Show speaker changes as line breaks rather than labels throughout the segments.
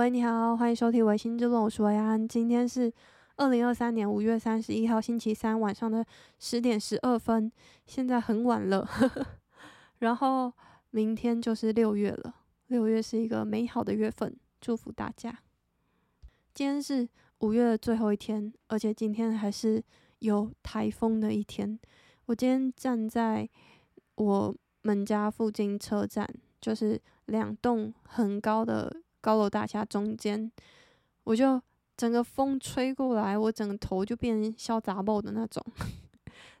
喂，你好，歡迎收聽《薇心之論》。我是維安。今天是二零二三年五月三十一號星期三晚上的十點十二分，現在很晚了。呵呵，然後明天就是六月了，六月是一個美好的月份，祝福大家。今天是五月的最後一天，而且今天還是有台風的一天。我今天站在我們家附近車站，就是兩棟很高的。高樓大廈中間，我就整個風吹過來，我整個頭就變成小雜毛的那種呵呵，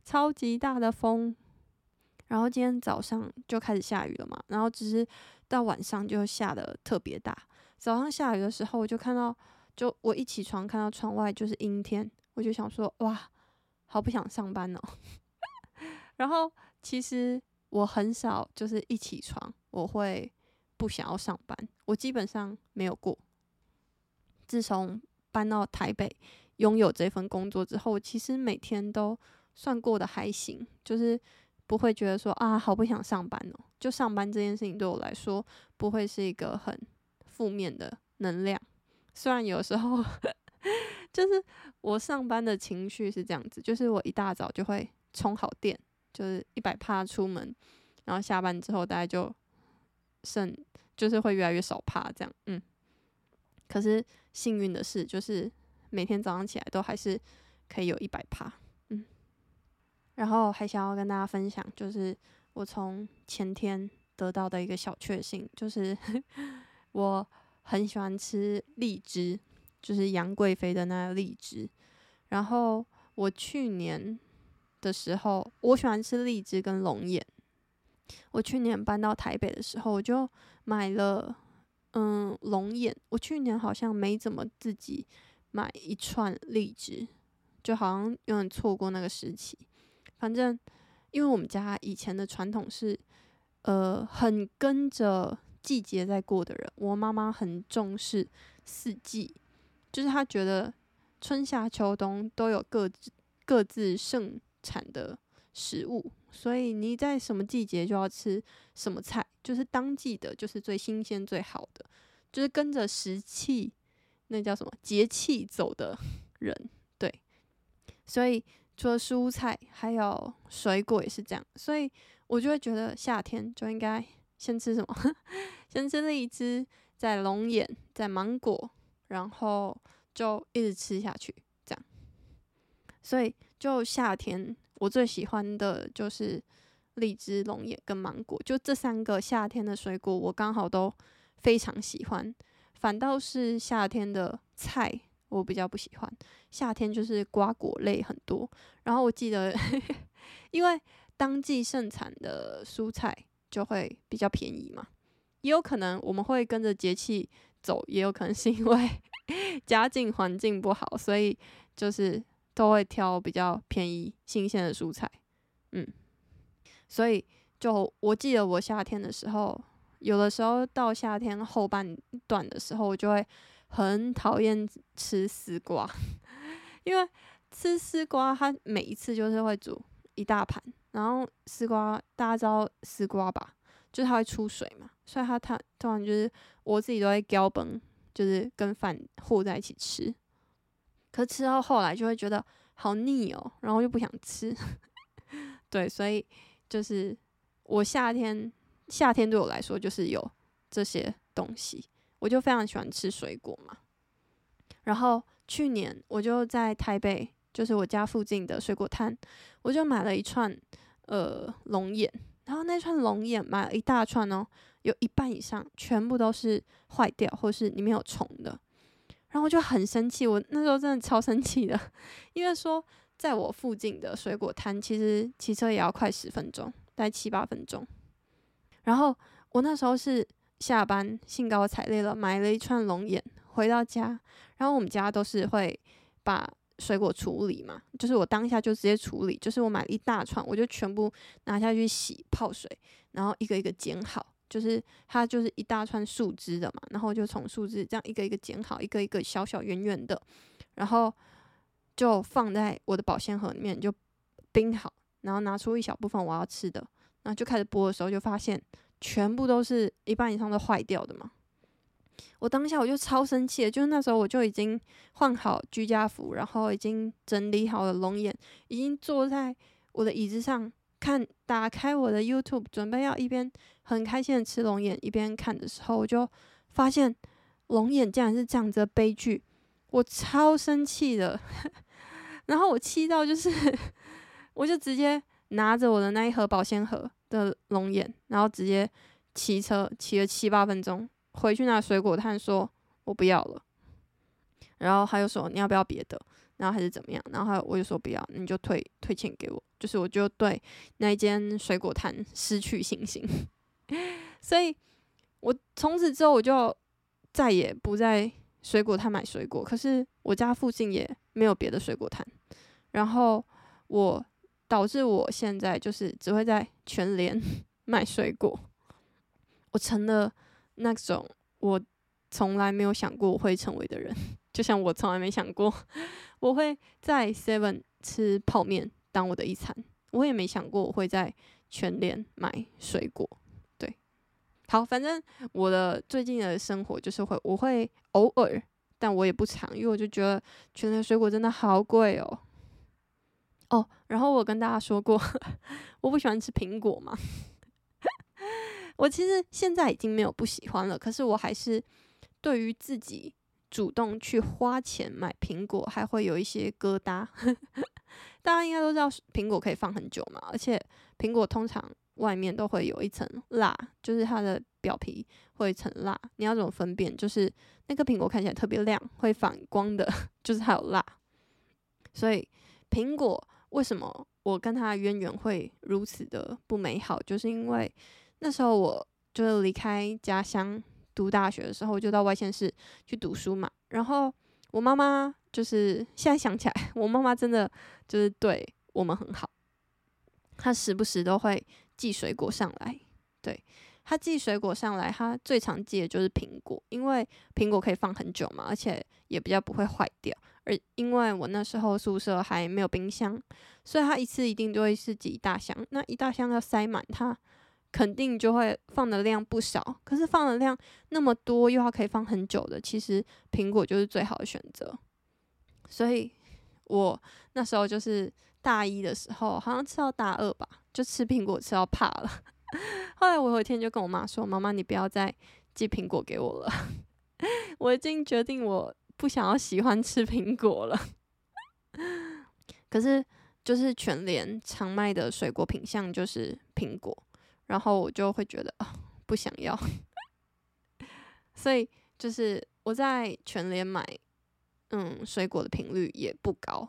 超級大的風。然後今天早上就開始下雨了嘛，然後只是到晚上就下得特別大。早上下雨的時候，我就看到，就我一起床看到窗外就是陰天，我就想說：“哇，好不想上班哦。 ”然後其實我很少就是一起床我會不想要上班。我基本上沒有過。自從搬到台北，擁有這份工作之後，我其實每天都算過得還行，就是不會覺得說啊，好不想上班哦。就上班這件事情對我來說，不會是一個很負面的能量。雖然有時候， 就是我上班的情緒是這樣子，就是我一大早就會充好電，就是一百趴出門，然後下班之後大概就剩。就是會越來越少趴這樣，嗯。可是幸運的是，就是每天早上起來都還是可以有一百趴，嗯。然後還想要跟大家分享，就是我從前天得到的一個小確幸，就是 我很喜歡吃荔枝，就是楊貴妃的那個荔枝。然後我去年的時候，我喜歡吃荔枝跟龍眼。我去年搬到台北的時候，我就。買了，嗯，龍眼。我去年好像沒怎麼自己買一串荔枝，就好像有點錯過那個時期。反正，因為我們家以前的傳統是，呃，很跟着季節在過的人，我媽媽很重視四季，就是她覺得春夏秋冬都有各自各自盛產的食物。所以你在什麼季節就要吃什麼菜，就是當季的，就是最新鮮最好的，就是跟着時氣，那叫什麼節氣走的人，對。所以除了蔬菜，還有水果也是這樣。所以我就會覺得夏天就應該先吃什麼， 先吃荔枝，再龍眼，再芒果，然後就一直吃下去，這樣。所以就夏天。我最喜歡的就是荔枝、龍眼跟芒果，就這三個夏天的水果，我剛好都非常喜歡。反倒是夏天的菜，我比較不喜歡。夏天就是瓜果類很多，然後我記得， 因為當季盛產的蔬菜就會比較便宜嘛，也有可能我們會跟着節氣走，也有可能是因為 家境環境不好，所以就是。都會挑比較便宜、新鮮的蔬菜，嗯，所以就我記得我夏天的時候，有的時候到夏天後半段的時候，我就會很討厭吃絲瓜，因為吃絲瓜它每一次就是會煮一大盤，然後絲瓜大家知道絲瓜吧？就它會出水嘛，所以它它突然就是我自己都會攪拌，就是跟飯混在一起吃。可吃到後來就會覺得好膩哦，然後又不想吃。 對，所以就是我夏天，夏天對我來說就是有這些東西，我就非常喜歡吃水果嘛。然後去年我就在台北，就是我家附近的水果攤，我就買了一串呃龍眼，然後那串龍眼買了一大串哦，有一半以上全部都是壞掉或是裡面有蟲的。然後我就很生氣，我那時候真的超生氣的，因為說在我附近的水果攤，其實騎車也要快十分鐘，大概七八分鐘。然後我那時候是下班興高采烈了，買了一串龍眼回到家，然後我們家都是會把水果處理嘛，就是我當下就直接處理，就是我買了一大串，我就全部拿下去洗泡水，然後一個一個剪好。就是它就是一大串樹枝的嘛，然後就從樹枝這樣一個一個剪好，一個一個小小圓圓的，然後就放在我的保鮮盒裡面就冰好，然後拿出一小部分我要吃的，然後就開始剝的時候就發現全部都是一半以上都壞掉的嘛，我當下我就超生氣，就是那時候我就已經換好居家服，然後已經整理好了龍眼，已經坐在我的椅子上。看，打開我的 YouTube，準備要一邊很開心的吃龍眼，一邊看的時候，我就發現龍眼竟然是這樣子的悲劇，我超生氣的。 然後我氣到就是， 我就直接拿着我的那一盒保鮮盒的龍眼，然後直接騎車騎了七八分鐘回去拿水果攤說，我不要了。然後他就說你要不要別的？然後還是怎麼樣？然後我就說不要，你就退退錢給我，就是我就對那一間水果攤失去信心，所以我從此之後我就再也不在水果攤買水果。可是我家附近也沒有別的水果攤，然後我導致我現在就是只會在全聯買水果。我成了那種我從來沒有想過會成為的人，就像我從來沒想過，我會在 Seven 吃泡麵當我的一餐，我也沒想過我會在全聯買水果。對，好，反正我的最近的生活就是會，我會偶爾，但我也不常，因為我就覺得全聯水果真的好貴哦。哦，然後我跟大家說過，呵呵，我不喜歡吃蘋果嘛。 我其實現在已經沒有不喜歡了，可是我還是對於自己。主動去花錢買蘋果，還會有一些疙瘩。呵呵。大家應該都知道蘋果可以放很久嘛，而且蘋果通常外面都會有一層蠟，就是它的表皮會一層蠟。你要怎麼分辨？就是那顆蘋果看起來特別亮，會反光的，就是還有蠟。所以蘋果為什麼我跟它的淵源會如此的不美好？就是因為那時候我就離開家鄉，讀大學的時候就到外縣市去讀書嘛，然後我媽媽就是現在想起來，我媽媽真的就是對我們很好，她時不時都會寄水果上來，對，她寄水果上來，她最常寄的就是蘋果，因為蘋果可以放很久嘛，而且也比較不會壞掉，而因為我那時候宿舍還沒有冰箱，所以她一次一定都會是寄一大箱，那一大箱要塞滿她，肯定就會放的量不少，可是放的量那麼多，又要可以放很久的，其實蘋果就是最好的選擇。所以我那時候就是大一的時候，好像吃到大二吧，就吃蘋果吃到怕了。後來我有一天就跟我媽說：“媽媽，你不要再寄蘋果給我了，我已經決定我不想要喜歡吃蘋果了。”可是就是全聯常賣的水果品項就是蘋果。然後我就會覺得啊、哦，不想要， 所以就是我在全聯買，嗯，水果的頻率也不高，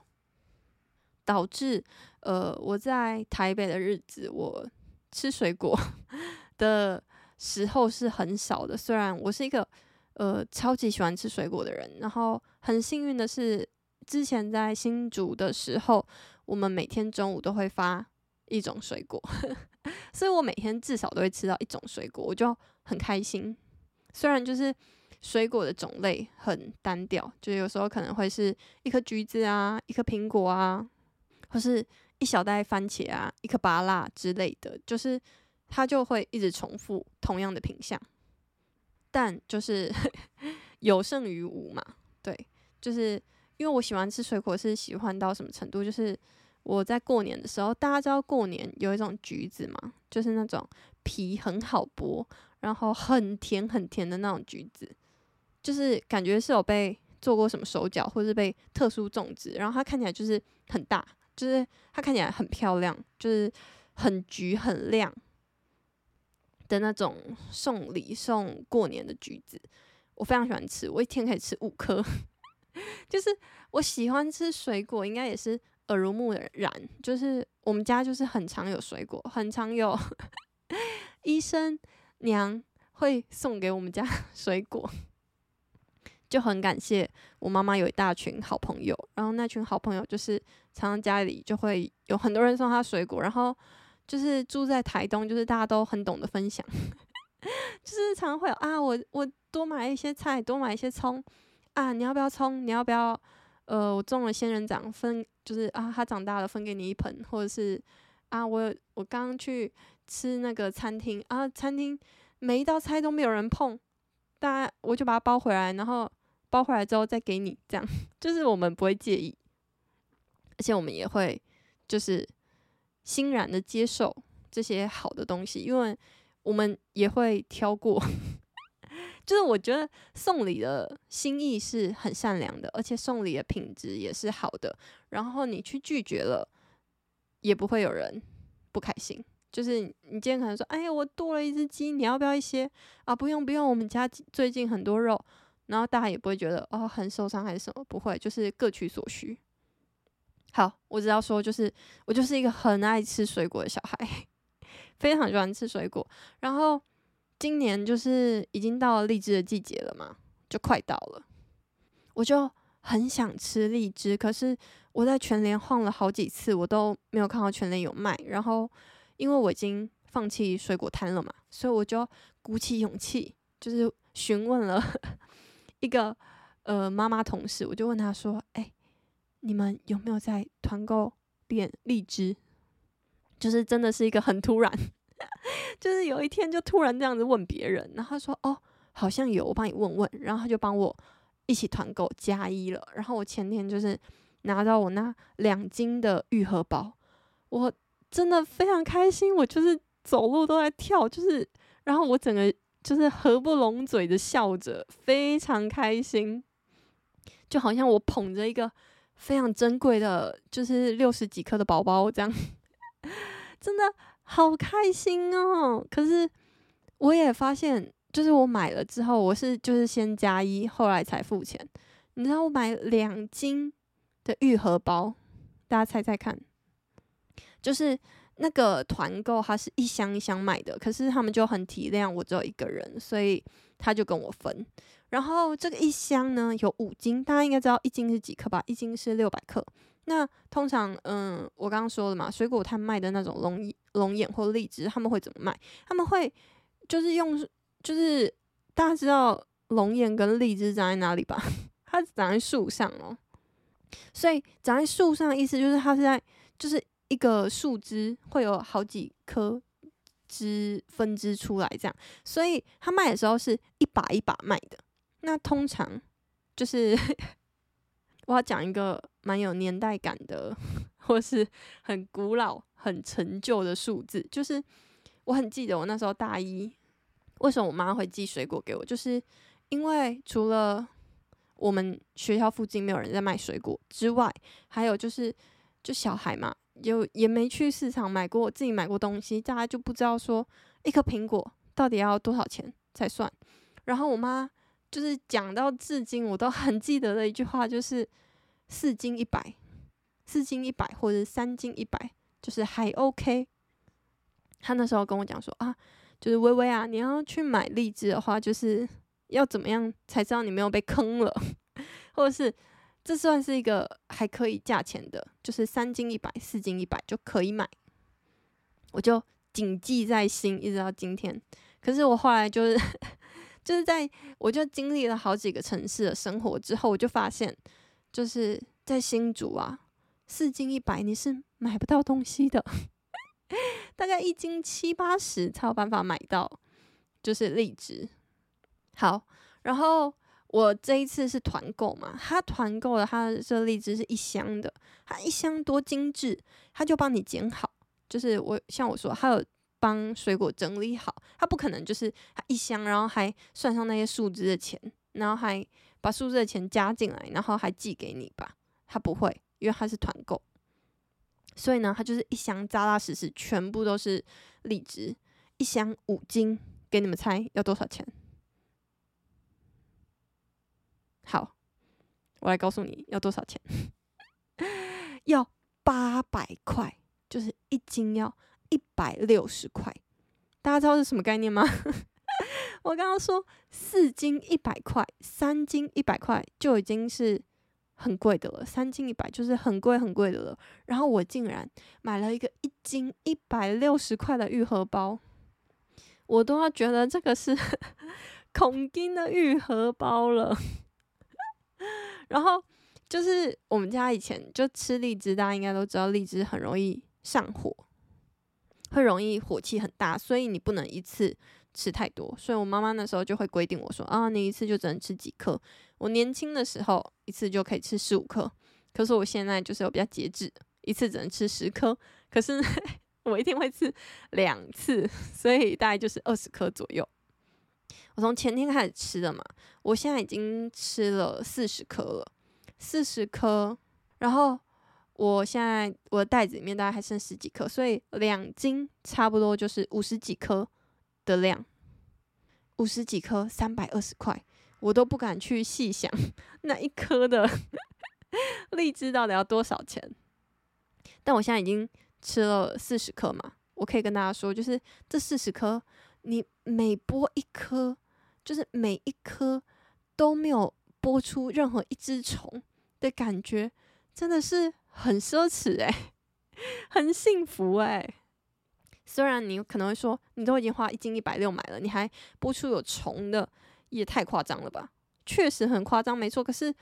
導致呃我在台北的日子，我吃水果的時候是很少的。雖然我是一個呃超級喜歡吃水果的人，然後很幸運的是，之前在新竹的時候，我們每天中午都會發。一種水果呵呵，所以我每天至少都會吃到一種水果，我就很開心。雖然就是水果的種類很單調，就有時候可能會是一顆橘子啊，一顆蘋果啊，或是一小袋番茄啊，一顆芭樂之類的，就是它就會一直重複同樣的品相，但就是呵呵有勝於無嘛。對，就是因為我喜歡吃水果，是喜歡到什麼程度，就是。我在過年的時候，大家知道過年有一種橘子嘛？就是那種皮很好剝，然後很甜很甜的那種橘子，就是感覺是有被做過什麼手腳，或者是被特殊種植，然後它看起來就是很大，就是它看起來很漂亮，就是很橘很亮的那種送禮送過年的橘子，我非常喜歡吃，我一天可以吃五顆， 就是我喜歡吃水果，應該也是。耳濡目染，就是我們家就是很常有水果，很常有 醫生娘會送給我們家水果，就很感謝我媽媽有一大群好朋友。然後那群好朋友就是常常家裡就會有很多人送她水果，然後就是住在台東，就是大家都很懂得分享， 就是常會有啊，我我多買一些菜，多買一些蔥啊，你要不要蔥？你要不要？呃，我種了仙人掌分。就是啊，他長大了分給你一盆，或者是啊，我我剛去吃那個餐廳啊，餐廳每一道菜都沒有人碰，大家我就把它包回來，然後包回來之後再給你，這樣就是我們不會介意，而且我們也會就是欣然的接受這些好的東西，因為我們也會挑過。 就是我覺得送禮的心意是很善良的，而且送禮的品質也是好的。然後你去拒絕了，也不會有人不開心。就是你今天可能說：“哎呀，我剁了一隻雞，你要不要一些？”啊，不用不用，我們家最近很多肉。然後大家也不會覺得哦很受傷還是什麼，不會，就是各取所需。好，我只要說，就是我就是一個很愛吃水果的小孩，非常喜歡吃水果。然後。今年就是已經到了荔枝的季節了嘛，就快到了，我就很想吃荔枝，可是我在全聯晃了好幾次，我都沒有看到全聯有賣。然後因為我已經放棄水果攤了嘛，所以我就鼓起勇氣，就是詢問了一個呃媽媽同事，我就問她說：“哎、欸，你們有沒有在團購點荔枝？”，就是真的是一個很突然。就是有一天，就突然這樣子問別人，然後他說：“哦，好像有，我幫你問問。”然後他就幫我一起團購加一了。然後我前天就是拿到我那兩斤的玉荷包，我真的非常開心，我就是走路都在跳，就是，然後我整個就是合不攏嘴的笑着，非常開心，就好像我捧着一個非常珍貴的，就是六十幾克的寶寶這樣，真的。好開心哦！可是我也發現，就是我買了之後，我是就是先加一，後來才付錢。你知道我買兩斤的玉荷包，大家猜猜看，就是那個團購，它是一箱一箱賣的。可是他們就很體諒我只有一個人，所以他就跟我分。然後這個一箱呢有五斤，大家應該知道一斤是幾克吧？一斤是六百克。那通常，嗯，我剛剛說了嘛，水果攤賣的那種龍龍眼或荔枝，他們會怎麼賣？他們會就是用，就是大家知道龍眼跟荔枝長在哪裡吧？呵呵它長在樹上哦。所以長在樹上的意思就是它是在，就是一個樹枝會有好幾顆枝分支出來，這樣。所以它賣的時候是一把一把賣的。那通常就是。呵呵我要講一個蠻有年代感的，或是很古老、很陳舊的數字。就是我很記得我那時候大一，為什麼我媽會寄水果給我？就是因為除了我們學校附近沒有人在賣水果之外，還有就是就小孩嘛，有也沒去市場買過，自己買過東西，大家就不知道說一顆蘋果到底要多少錢才算。然後我媽。就是講到至今，我都很記得的一句話，就是四斤一百，四斤一百，或者三斤一百，就是還 OK。他那時候跟我講說啊，就是薇薇啊，你要去買荔枝的話，就是要怎麼樣才知道你沒有被坑了，或者是這算是一個還可以價錢的，就是三斤一百、四斤一百就可以買。我就謹記在心，一直到今天。可是我後來就是。就是在我就經歷了好幾個城市的生活之後，我就發現，就是在新竹啊，四斤一百你是買不到東西的， 大概一斤七八十才有辦法買到，就是荔枝。好，然後我這一次是團購嘛，他團購的，他這荔枝是一箱的，他一箱多精致，他就幫你剪好，就是我像我說，還有。幫水果整理好，他不可能就是他一箱，然後還算上那些樹枝的錢，然後還把樹枝的錢加進來，然後還寄給你吧？他不會，因為他是團購，所以呢，他就是一箱扎扎實實，全部都是荔枝，一箱五斤，給你們猜要多少錢？好，我來告訴你要多少錢， 要八百塊，就是一斤要。一百六十塊，大家知道是什麼概念嗎？ 我剛剛說四斤一百塊，三斤一百塊就已經是很貴的了，三斤一百就是很貴很貴的了。然後我竟然買了一個一斤一百六十塊的玉荷包，我都要覺得這個是恐 驚的玉荷包了。 然後就是我們家以前就吃荔枝，大家應該都知道，荔枝很容易上火。會容易火氣很大，所以你不能一次吃太多。所以我媽媽那時候就會規定我說啊，你一次就只能吃幾顆。我年輕的時候一次就可以吃十五顆，可是我現在就是有比較節制，一次只能吃十顆。可是我一定會吃兩次，所以大概就是二十顆左右。我從前天開始吃的嘛，我現在已經吃了四十顆了，四十顆，然後。我現在我的袋子裡面大概還剩十幾顆，所以兩斤差不多就是五十幾顆的量，五十幾顆三百二十塊，我都不敢去細想那一顆的 荔枝到底要多少錢？但我現在已經吃了四十顆嘛，我可以跟大家說，就是這四十顆，你每剝一顆，就是每一顆都沒有剝出任何一隻蟲的感覺，真的是。很奢侈哎、欸，很幸福哎、欸。雖然你可能會說，你都已經花一斤一百六買了，你還剝出有蟲的，也太誇張了吧？確實很誇張，沒錯。可是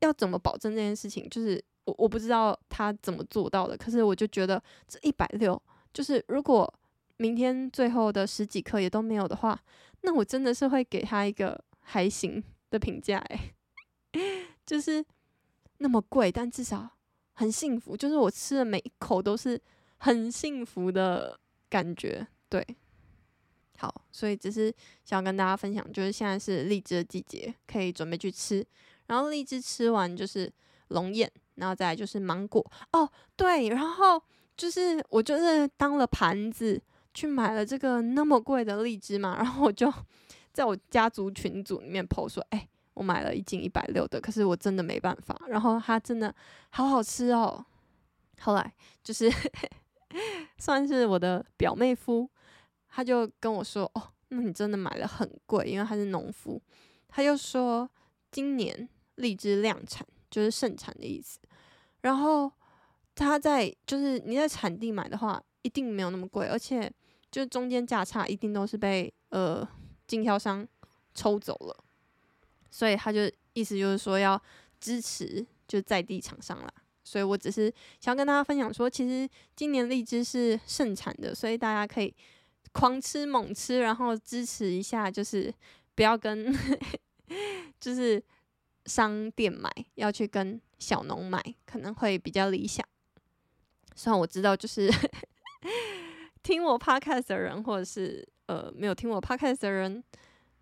要怎麼保證這件事情？就是我我不知道他怎麼做到的。可是我就覺得這一百六，就是如果明天最後的十幾顆也都沒有的話，那我真的是會給他一個還行的評價哎。就是那麼貴，但至少。很幸福，就是我吃的每一口都是很幸福的感覺。對，好，所以只是想要跟大家分享，就是現在是荔枝的季節，可以準備去吃。然後荔枝吃完就是龍眼，然後再來就是芒果。哦，對，然後就是我就是當了盤子去買了這個那麼貴的荔枝嘛，然後我就在我家族群組裡面 po 說，哎、欸。我買了一斤一百六的，可是我真的沒辦法。然後他真的好好吃哦。後來就是呵呵算是我的表妹夫，他就跟我說：“哦，那你真的買得很貴，因為他是農夫。”他就說：“今年荔枝量產，就是盛產的意思。然後他在就是你在產地買的話，一定沒有那麼貴，而且就中間價差一定都是被呃經銷商抽走了。”所以他就意思就是說要支持就在地廠商啦，所以我只是想要跟大家分享說，其實今年荔枝是盛產的，所以大家可以狂吃猛吃，然後支持一下，就是不要跟就是商店買，要去跟小農買，可能會比較理想。雖然我知道，就是聽我 podcast 的人，或者是呃沒有聽我 podcast 的人，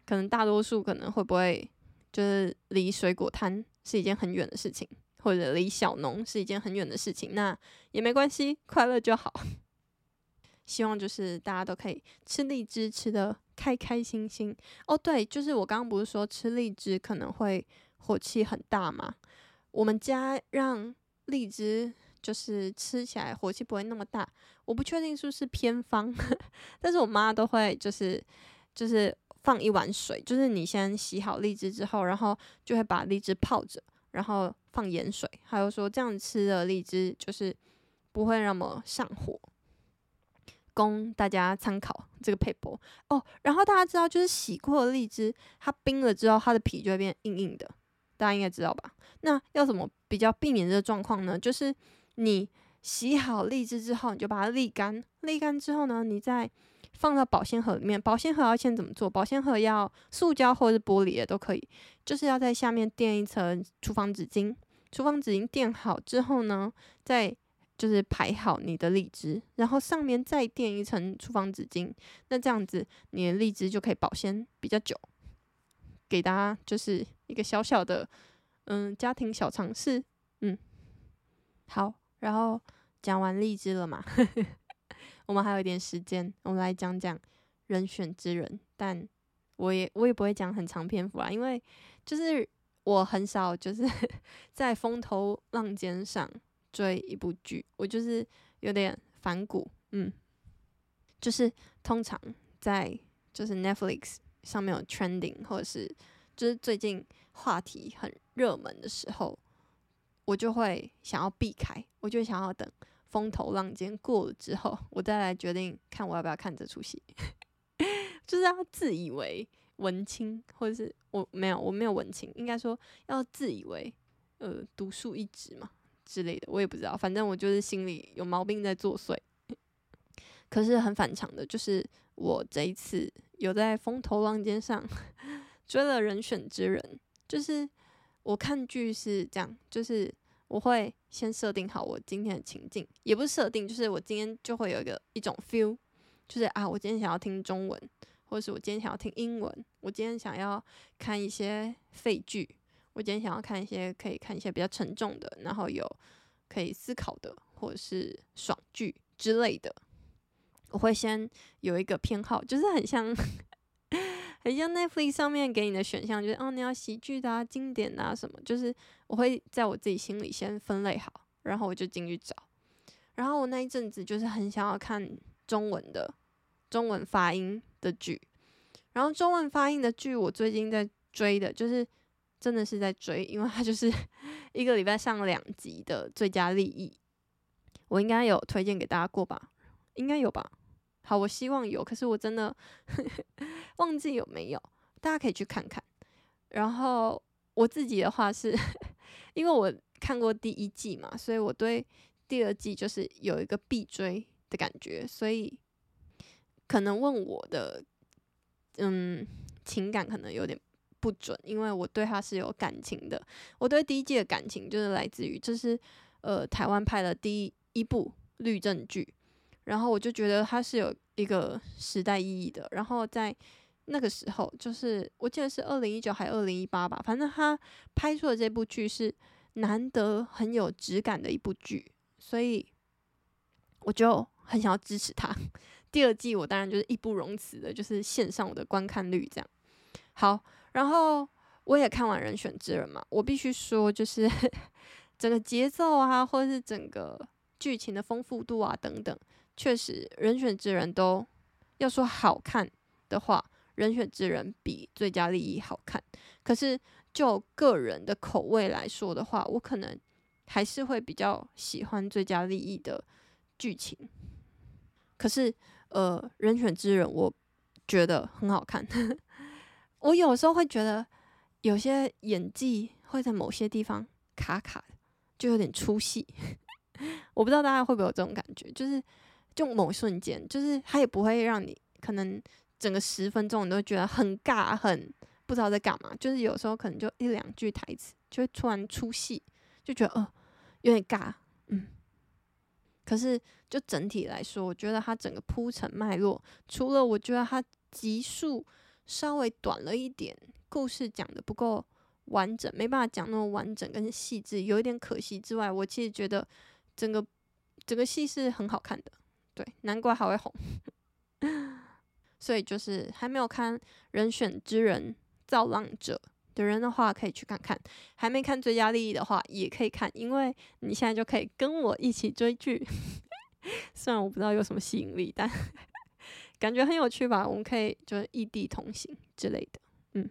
可能大多數可能會不會。就是離水果攤是一件很遠的事情，或者離小農是一件很遠的事情，那也沒關係，快樂就好。希望就是大家都可以吃荔枝吃得開開心心。哦，對，就是我剛剛不是說吃荔枝可能會火氣很大嗎？我們家讓荔枝就是吃起來火氣不會那麼大，我不確定是不是偏方，但是我媽都會就是就是。放一碗水，就是你先洗好荔枝之後，然後就會把荔枝泡着，然後放鹽水。還有說這樣吃的荔枝就是不會那麼上火，供大家參考這個配 r 哦。然後大家知道就是洗過的荔枝，它冰了之後，它的皮就會變硬硬的，大家應該知道吧？那要怎麼比較避免這個狀況呢？就是你洗好荔枝之後，你就把它瀝乾，瀝乾之後呢，你再。放到保鮮盒裡面，保鮮盒要先怎麼做？保鮮盒要塑膠或是玻璃的都可以，就是要在下面墊一層廚房紙巾，廚房紙巾墊好之後呢，再就是排好你的荔枝，然後上面再墊一層廚房紙巾，那這樣子你的荔枝就可以保鮮比較久。給大家就是一個小小的嗯家庭小嘗試，嗯，好，然後講完荔枝了嘛。 我們還有一點時間，我們來講講人選之人，但我也我也不會講很長篇幅啊，因為就是我很少就是 在風頭浪尖上追一部劇，我就是有點反骨，嗯，就是通常在就是 Netflix 上面有 trending，或者是就是最近話題很熱門的時候，我就會想要避開，我就想要等。風頭浪尖過了之後，我再來決定看我要不要看這出戲， 就是要自以為文青，或者是我沒有我沒有文青，應該說要自以為呃獨樹一幟嘛之類的，我也不知道，反正我就是心裡有毛病在作祟。 可是很反常的，就是我這一次有在風頭浪尖上 追了人選之人，就是我看劇是這樣，就是。我會先設定好我今天的情境，也不是設定，就是我今天就會有一個一種 feel，就是啊，我今天想要聽中文，或者是我今天想要聽英文，我今天想要看一些廢劇，我今天想要看一些可以看一些比較沉重的，然後有可以思考的，或者是爽劇之類的，我會先有一個偏好，就是很像。 誒，像 Netflix 上面給你的選項就是，哦、啊，你要喜劇的、啊、經典的、啊、什麼？就是我會在我自己心裡先分類好，然後我就進去找。然後我那一陣子就是很想要看中文的、中文發音的劇。然後中文發音的劇，我最近在追的，就是真的是在追，因為它就是一個禮拜上兩集的《最佳利益》。我應該有推薦給大家過吧？應該有吧？好，我希望有，可是我真的呵呵忘記有沒有，大家可以去看看。然後我自己的話是，因為我看過第一季嘛，所以我對第二季就是有一個必追的感覺，所以可能問我的，嗯，情感可能有點不準，因為我對他是有感情的。我對第一季的感情就是來自於、就是，這是呃台灣拍的第一，一部律政劇。然後我就覺得他是有一個時代意義的。然後在那個時候，就是我記得是二零一九還是二零一八吧，反正他拍出的這部劇是難得很有質感的一部劇，所以我就很想要支持他。第二季我當然就是義不容辭的，就是獻上我的觀看率這樣。好，然後我也看完《人選之人》嘛，我必須說就是呵呵整個節奏啊，或者是整個劇情的豐富度啊等等。確實，人選之人都要說好看的話，人選之人比最佳利益好看。可是就個人的口味來說的話，我可能還是會比較喜歡最佳利益的劇情。可是，呃，人選之人我覺得很好看。 我有時候會覺得有些演技會在某些地方卡卡的，就有點出戲。 我不知道大家會不會有這種感覺，就是。就某瞬間，就是他也不會讓你可能整個十分鐘，你都覺得很尬，很不知道在幹嘛。就是有時候可能就一兩句台詞，就會突然出戲，就覺得呃有點尬，嗯。可是就整體來說，我覺得它整個鋪陳脈絡，除了我覺得它集數稍微短了一點，故事講的不夠完整，沒辦法講那麼完整跟細緻，有一點可惜之外，我其實覺得整個整個戲是很好看的。對，難怪還會紅。 所以就是還沒有看《人選之人》《造浪者》的人的話，可以去看看；還沒看《最佳利益》的話，也可以看，因為你現在就可以跟我一起追劇。 雖然我不知道有什麼吸引力，但感覺很有趣吧？我們可以就是異地同行之類的。嗯，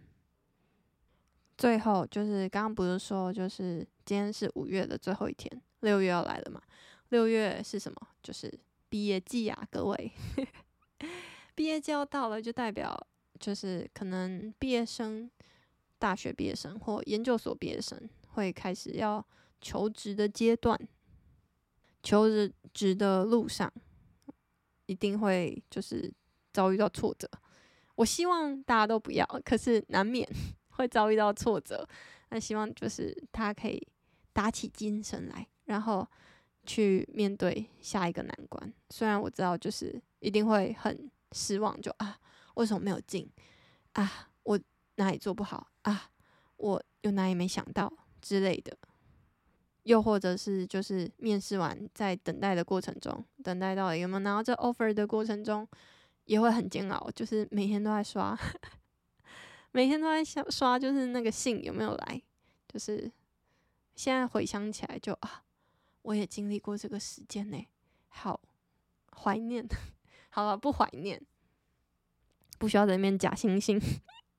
最後就是剛剛不是說，就是今天是五月的最後一天，六月要來了嘛？六月是什麼？就是。畢業季啊，各位，畢 業季要到了，就代表就是可能畢業生、大學畢業生或研究所畢業生會開始要求職的階段，求職職的路上一定會就是遭遇到挫折。我希望大家都不要，可是難免會遭遇到挫折，那希望就是他可以打起精神來，然後。去面對下一個難關，雖然我知道就是一定會很失望，就啊，我為什麼沒有進啊，我哪裡做不好啊，我又哪裡沒想到之類的，又或者是就是面試完在等待的過程中，等待到有沒有拿到這 offer 的過程中，也會很煎熬，就是每天都在刷， 每天都在刷，就是那個信有沒有來，就是現在回想起來就啊。我也經歷過這個時間呢、欸，好懷念。好了、啊，不懷念，不需要在那邊假惺惺。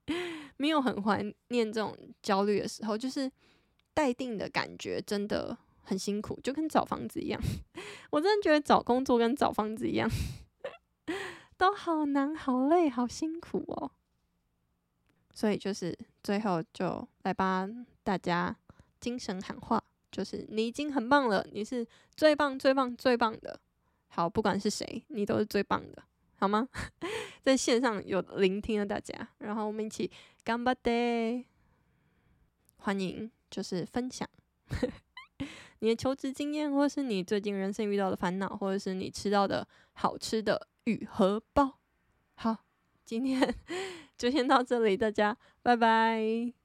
沒有很懷念這種焦慮的時候，就是待定的感覺，真的很辛苦，就跟找房子一樣。我真的覺得找工作跟找房子一樣， 都好難、好累、好辛苦哦。所以就是最後就來幫大家精神喊話。就是你已經很棒了，你是最棒、最棒、最棒的。好，不管是誰，你都是最棒的，好嗎？ 在線上有聆聽的大家，然後我們一起干巴爹。歡迎，就是分享 你的求職經驗，或是你最近人生遇到的煩惱，或者是你吃到的好吃的雨荷包。好，今天 就先到這裡，大家拜拜。